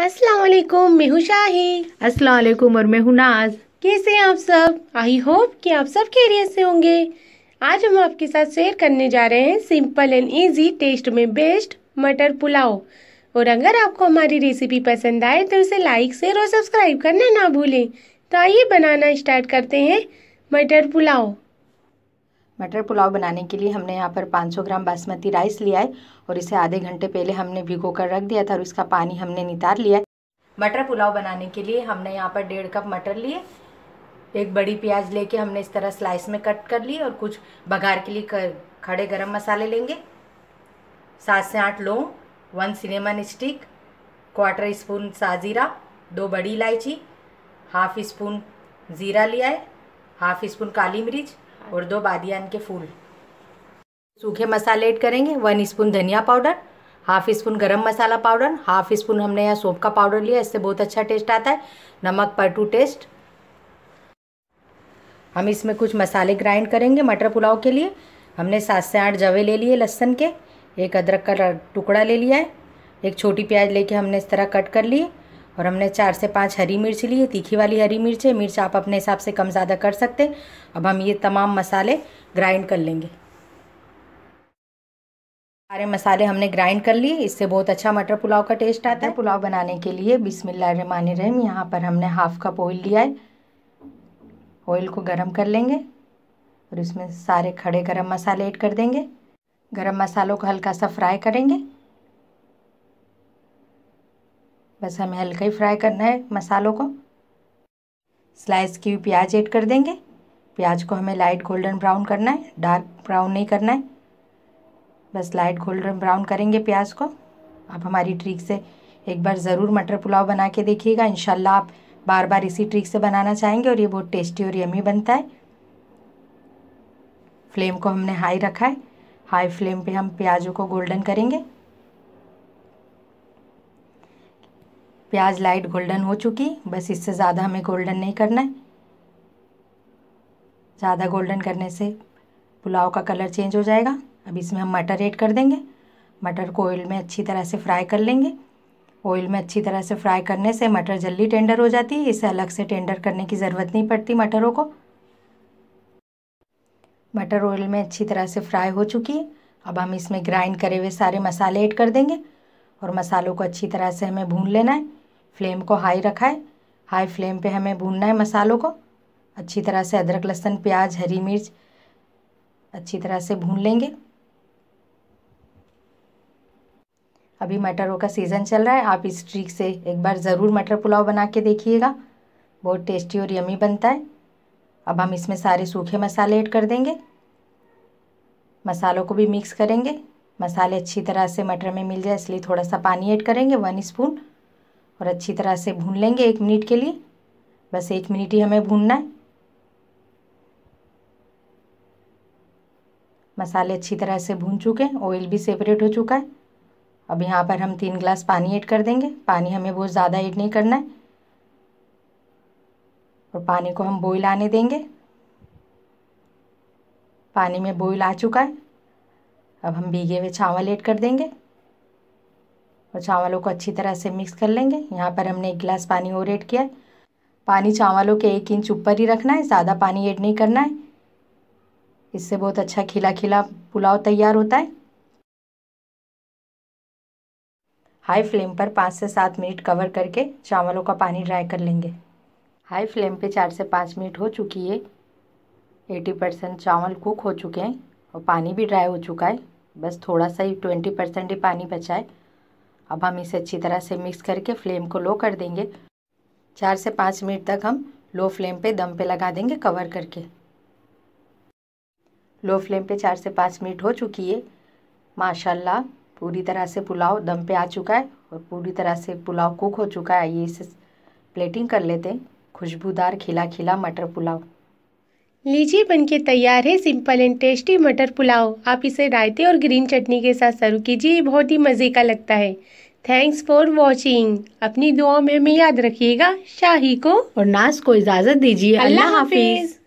वालेकुम मैं हूं शाही वालेकुम और मैं हूं नाज कैसे हैं आप सब आई होप कि आप सब खैरियत से होंगे आज हम आपके साथ शेयर करने जा रहे हैं सिंपल एंड इजी टेस्ट में बेस्ट मटर पुलाव और अगर आपको हमारी रेसिपी पसंद आए तो उसे लाइक शेयर और सब्सक्राइब करना ना भूलें तो आइए बनाना स्टार्ट करते हैं मटर पुलाव मटर पुलाव बनाने के लिए हमने यहाँ पर 500 ग्राम बासमती राइस लिया है और इसे आधे घंटे पहले हमने भिगो कर रख दिया था और इसका पानी हमने नितार लिया है मटर पुलाव बनाने के लिए हमने यहाँ पर डेढ़ कप मटर लिए एक बड़ी प्याज लेके हमने इस तरह स्लाइस में कट कर ली और कुछ बघार के लिए कर, खड़े गर्म मसाले लेंगे सात से आठ लौंग one cinnamon stick quarter spoon साजीरा दो बड़ी इलायची हाफ स्पून ज़ीरा लिया है हाफ स्पून काली मिर्च और दो बादियान के फूल सूखे मसाले ऐड करेंगे वन स्पून धनिया पाउडर हाफ स्पून गरम मसाला पाउडर हाफ स्पून हमने यहाँ सोप का पाउडर लिया इससे बहुत अच्छा टेस्ट आता है नमक पर टू टेस्ट हम इसमें कुछ मसाले ग्राइंड करेंगे मटर पुलाव के लिए हमने सात से आठ जवे ले लिए लहसन के एक अदरक का टुकड़ा ले लिया है एक छोटी प्याज लेके हमने इस तरह कट कर लिए और हमने चार से पाँच हरी मिर्च ली है तीखी वाली हरी मिर्च है मिर्च आप अपने हिसाब से कम ज़्यादा कर सकते हैं अब हम ये तमाम मसाले ग्राइंड कर लेंगे सारे मसाले हमने ग्राइंड कर लिए इससे बहुत अच्छा मटर पुलाव का टेस्ट आता है पुलाव बनाने के लिए रहीम यहाँ पर हमने हाफ़ कप ऑयल लिया है ऑयल को गर्म कर लेंगे और इसमें सारे खड़े गर्म मसाले ऐड कर देंगे गर्म मसालों को हल्का सा फ्राई करेंगे बस हमें हल्का ही फ्राई करना है मसालों को स्लाइस की हुई प्याज ऐड कर देंगे प्याज को हमें लाइट गोल्डन ब्राउन करना है डार्क ब्राउन नहीं करना है बस लाइट गोल्डन ब्राउन करेंगे प्याज को आप हमारी ट्रिक से एक बार ज़रूर मटर पुलाव बना के देखिएगा इन आप बार बार इसी ट्रिक से बनाना चाहेंगे और ये बहुत टेस्टी और यमी बनता है फ्लेम को हमने हाई रखा है हाई फ्लेम पे हम प्याजों को गोल्डन करेंगे प्याज लाइट गोल्डन हो चुकी बस इससे ज़्यादा हमें गोल्डन नहीं करना है ज़्यादा गोल्डन करने से पुलाव का कलर चेंज हो जाएगा अब इसमें हम मटर ऐड कर देंगे मटर को ऑयल में अच्छी तरह से फ्राई कर लेंगे ऑयल में अच्छी तरह से फ्राई करने से मटर जल्दी टेंडर हो जाती है इसे अलग से टेंडर करने की ज़रूरत नहीं पड़ती मटरों को मटर ऑयल में अच्छी तरह से फ्राई हो चुकी है अब हम इसमें ग्राइंड करे हुए सारे मसाले ऐड कर देंगे और मसालों को अच्छी तरह से हमें भून लेना है फ्लेम को हाई रखा है हाई फ्लेम पे हमें भूनना है मसालों को अच्छी तरह से अदरक लहसुन प्याज हरी मिर्च अच्छी तरह से भून लेंगे अभी मटरों का सीज़न चल रहा है आप इस ट्रिक से एक बार ज़रूर मटर पुलाव बना के देखिएगा बहुत टेस्टी और यमी बनता है अब हम इसमें सारे सूखे मसाले ऐड कर देंगे मसालों को भी मिक्स करेंगे मसाले अच्छी तरह से मटर में मिल जाए इसलिए थोड़ा सा पानी ऐड करेंगे वन स्पून और अच्छी तरह से भून लेंगे एक मिनट के लिए बस एक मिनट ही हमें भूनना है मसाले अच्छी तरह से भून चुके हैं ऑयल भी सेपरेट हो चुका है अब यहाँ पर हम तीन ग्लास पानी ऐड कर देंगे पानी हमें बहुत ज़्यादा ऐड नहीं करना है और पानी को हम बॉईल आने देंगे पानी में बॉईल आ चुका है अब हम भीगे हुए चावल ऐड कर देंगे और चावलों को अच्छी तरह से मिक्स कर लेंगे यहाँ पर हमने एक गिलास पानी और ऐड किया है पानी चावलों के एक इंच ऊपर ही रखना है ज़्यादा पानी ऐड नहीं करना है इससे बहुत अच्छा खिला खिला पुलाव तैयार होता है हाई फ्लेम पर पाँच से सात मिनट कवर करके चावलों का पानी ड्राई कर लेंगे हाई फ्लेम पे चार से पाँच मिनट हो चुकी है एटी परसेंट चावल कुक हो चुके हैं और पानी भी ड्राई हो चुका है बस थोड़ा सा ही ट्वेंटी परसेंट ही पानी बचाए अब हम इसे अच्छी तरह से मिक्स करके फ्लेम को लो कर देंगे चार से पाँच मिनट तक हम लो फ्लेम पे दम पे लगा देंगे कवर करके लो फ्लेम पे चार से पाँच मिनट हो चुकी है माशाल्लाह पूरी तरह से पुलाव दम पे आ चुका है और पूरी तरह से पुलाव कुक हो चुका है ये इसे प्लेटिंग कर लेते हैं खुशबूदार खिला खिला मटर पुलाव लीजिए बनके तैयार है सिंपल एंड टेस्टी मटर पुलाव आप इसे रायते और ग्रीन चटनी के साथ सर्व कीजिए ये बहुत ही मज़े का लगता है थैंक्स फॉर वॉचिंग अपनी दुआओं में हमें याद रखिएगा शाही को और नाज को इजाज़त दीजिए अल्लाह हाफिज़